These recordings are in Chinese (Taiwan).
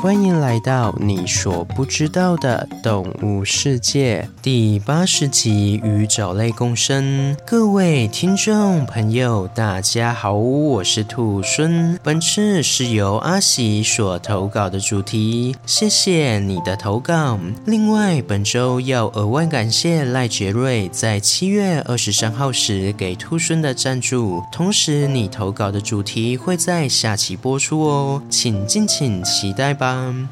歡迎來到你所不知道的動物世界第八十集：與藻類共生。各位聽眾朋友，大家好，我是兔猻。本次是由阿喜所投稿的主題，謝謝你的投稿。另外，本周要額外感謝賴杰瑞在七月二十三號時給兔猻的贊助。同時，你投稿的主題會在下期播出哦，請敬請期待吧。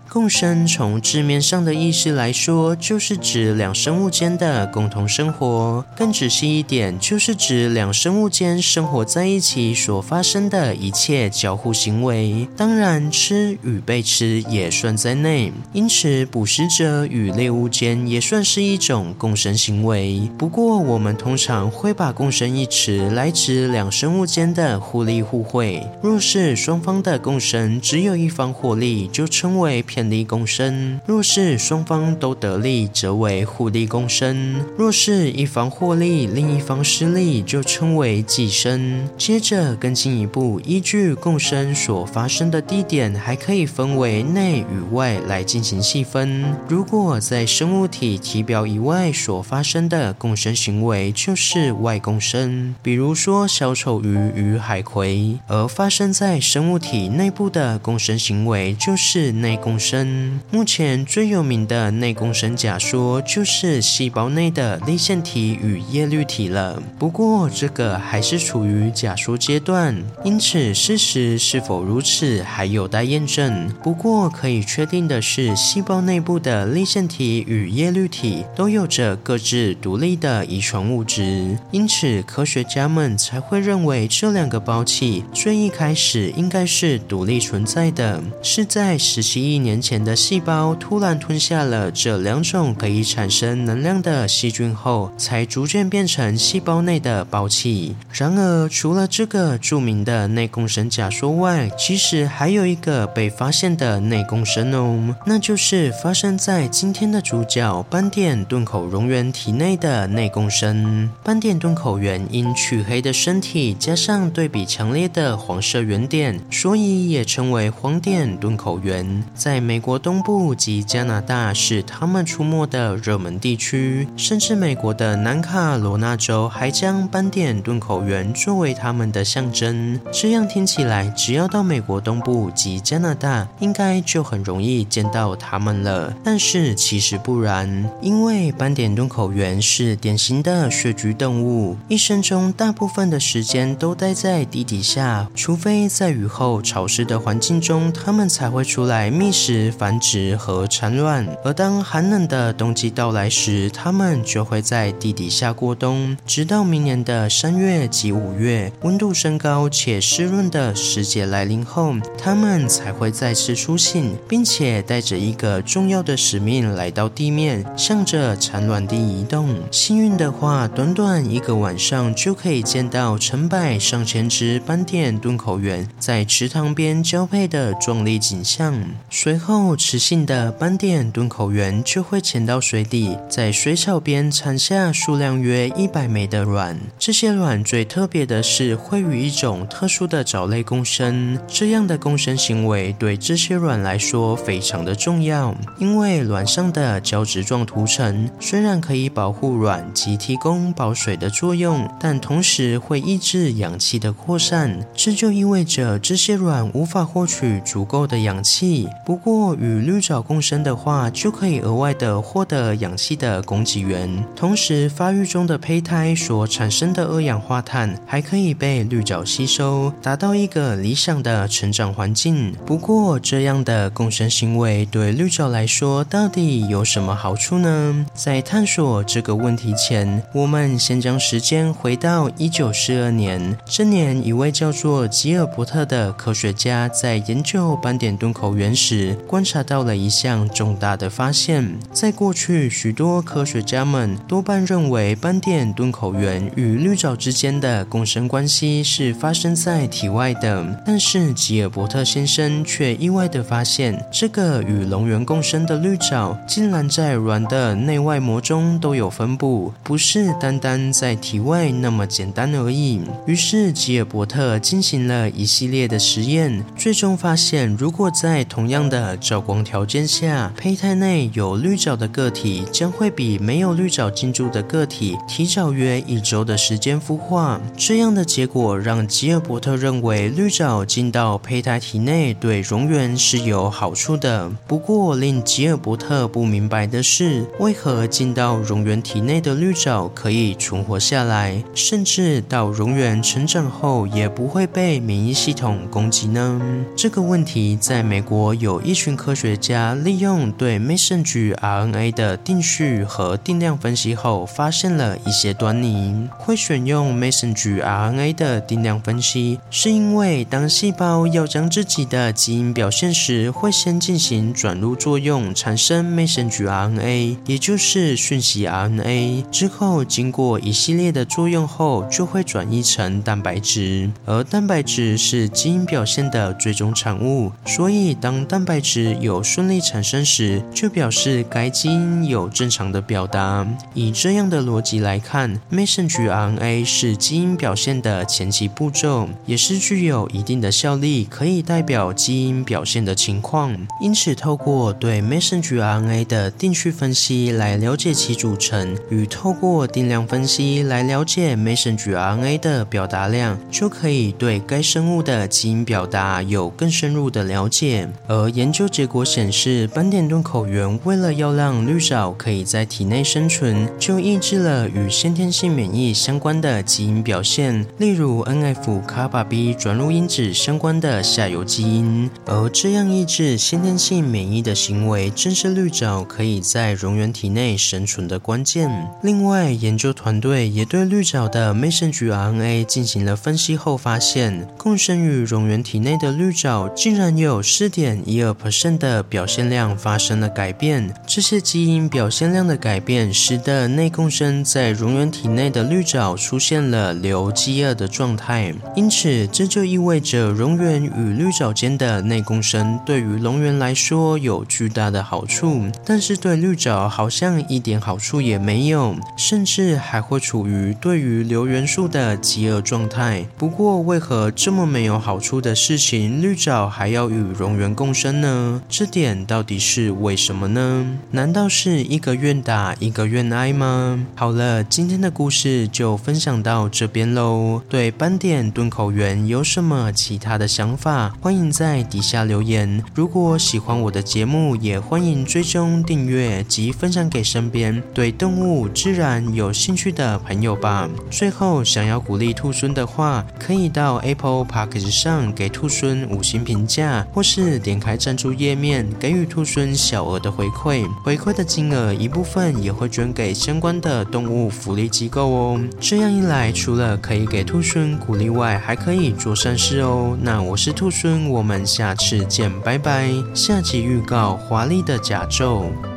共生從字面上的意思來說，就是指兩生物間的共同生活。更仔細一點，就是指兩生物間生活在一起所發生的一切交互行為。當然，吃與被吃也算在內。因此，捕食者與獵物間也算是一種共生行為。不過，我們通常會把共生一詞來指兩生物間的互利互惠。若是雙方的共生只有一方獲利，就成。稱為偏利共生。若是雙方都得利，則為互利共生；若是一方獲利，另一方失利，就稱為寄生。接着更進一步，依據共生所發生的地點，還可以分為內與外來進行細分。如果在生物體體表以外所發生的共生行為，就是外共生，比如說小丑魚與海葵；而發生在生物體內部的共生行為，就是。內共生，目前最有名的內共生假說就是細胞內的粒線體與葉綠體了。不過，這個還是處於假說階段，因此事實是否如此還有待驗證。不過，可以確定的是，細胞內部的粒線體與葉綠體都有着各自獨立的遺傳物質，因此科學家們才會認為這兩個胞器最一開始應該是獨立存在的，是在實。七億年前的細胞突然吞下了這兩種可以產生能量的細菌後，才逐漸變成細胞內的胞器。然而，除了這個著名的內共生假說外，其實還有一個被發現的內共生哦，那就是發生在今天的主角斑點鈍口蠑螈體內的內共生。斑點鈍口螈因黢黑的身體加上對比強烈的黃色圓點，所以也稱為黃點鈍口螈。在美國東部及加拿大是它們出沒的熱門地區，甚至美國的南卡羅納州還將斑點鈍口螈作為它們的象徵。這樣聽起來，只要到美國東部及加拿大，應該就很容易見到它們了。但是其實不然，因為斑點鈍口螈是典型的穴居動物，一生中大部分的時間都待在地底下，除非在雨後潮濕的環境中，它們才會出來。覓食、繁殖和產卵，而當寒冷的冬季到來時，它們就會在地底下過冬，直到明年的三月及五月，溫度升高且濕潤的時節來臨後，它們才會再次出現，並且帶着一個重要的使命來到地面，向着產卵地移動。幸運的話，短短一個晚上就可以見到成百上千隻斑點鈍口螈在池塘邊交配的壯麗景象。隨後，雌性的斑點鈍口螈就會潛到水底，在水草邊產下數量約一百枚的卵。這些卵最特別的是會與一種特殊的藻類共生，這樣的共生行為對這些卵來說非常的重要。因為卵上的膠質狀塗層雖然可以保護卵及提供保水的作用，但同時會抑制氧氣的擴散。這就意味着這些卵無法獲取足夠的氧氣。不過，與綠藻共生的話，就可以額外的獲得氧氣的供給源，同時發育中的胚胎所產生的二氧化碳還可以被綠藻吸收，達到一個理想的成長環境。不過，這樣的共生行為對綠藻來說到底有什麼好處呢？在探索這個問題前，我們先將時間回到一九四二年，這年一位叫做吉爾伯特的科學家在研究斑點鈍口螈時觀察到了一項重大的發現。在過去，許多科學家們多半認為斑點鈍口螈與綠藻之間的共生關係是發生在體外的。但是吉爾伯特先生卻意外地發現，這個與蠑螈共生的綠藻竟然在卵的內外膜中都有分布，不是單單在體外那麼簡單而已。於是吉爾伯特進行了一系列的實驗，最終發現，如果在同同樣的照光條件下，胚胎內有綠藻的個體將會比沒有綠藻進駐的個體提早約一周的時間孵化。這樣的結果讓吉爾伯特認為綠藻進到胚胎體內對蠑螈是有好處的。不過，令吉爾伯特不明白的是，為何進到蠑螈體內的綠藻可以存活下來，甚至到蠑螈成長後也不會被免疫系統攻擊呢？這個問題在美國，有一群科學家利用對 messenger RNA 的定序和定量分析後，發現了一些端倪。會選用 messenger RNA 的定量分析，是因為當細胞要將自己的基因表現時，會先進行轉錄作用，產生 messenger RNA，也就是訊息 RNA。之後經過一系列的作用後，就會轉移成蛋白質。而蛋白質是基因表現的最終產物，所以當當蛋白質有順利產生時，就表示該基因有正常的表達。以這樣的邏輯來看，messenger RNA 是基因表現的前期步驟，也是具有一定的效力，可以代表基因表現的情況。因此，透過對 messenger RNA 的定序分析來了解其組成，與透過定量分析來了解 messenger RNA 的表達量，就可以對該生物的基因表達有更深入的了解。而研究結果顯示，斑點鈍口源為了要讓綠藻可以在體內生存，就抑制了與先天性免疫相關的基因表現，例如 NF 卡巴 b 轉錄因子相關的下游基因。而這樣抑制先天性免疫的行為，正是綠藻可以在蠑螈體內生存的關鍵。另外，研究團隊也對綠藻的內生巨 RNA 進行了分析後發現，共生於蠑螈體內的綠藻竟然有失點。12%的表現量發生了改變，這些基因表現量的改變使得內共生在蠑螈體內的綠藻出現了硫飢餓的狀態。因此，這就意味着蠑螈與綠藻間的內共生對於蠑螈來說有巨大的好處，但是對綠藻好像一點好處也沒有，甚至還會處於對於硫元素的飢餓狀態。不過，為何這麼沒有好處的事情，綠藻還要與蠑螈共？共生呢？這點到底是為什麼呢？難道是一個願打一個願挨嗎？好了，今天的故事就分享到這邊嘍。對斑點鈍口螈有什麼其他的想法？歡迎在底下留言。如果喜歡我的節目，也歡迎追蹤訂閱及分享給身邊對動物、自然有興趣的朋友吧。最後，想要鼓勵兔猻的話，可以到 Apple Podcast 上給兔猻五星評價，或是點。點開贊助頁面，給予兔猻小額的回饋，回饋的金額一部分也會捐給相關的動物福利機構哦。這樣一來，除了可以給兔猻鼓勵外，還可以做善事哦。那我是兔猻，我們下次見，拜拜。下集預告：華麗的甲胄。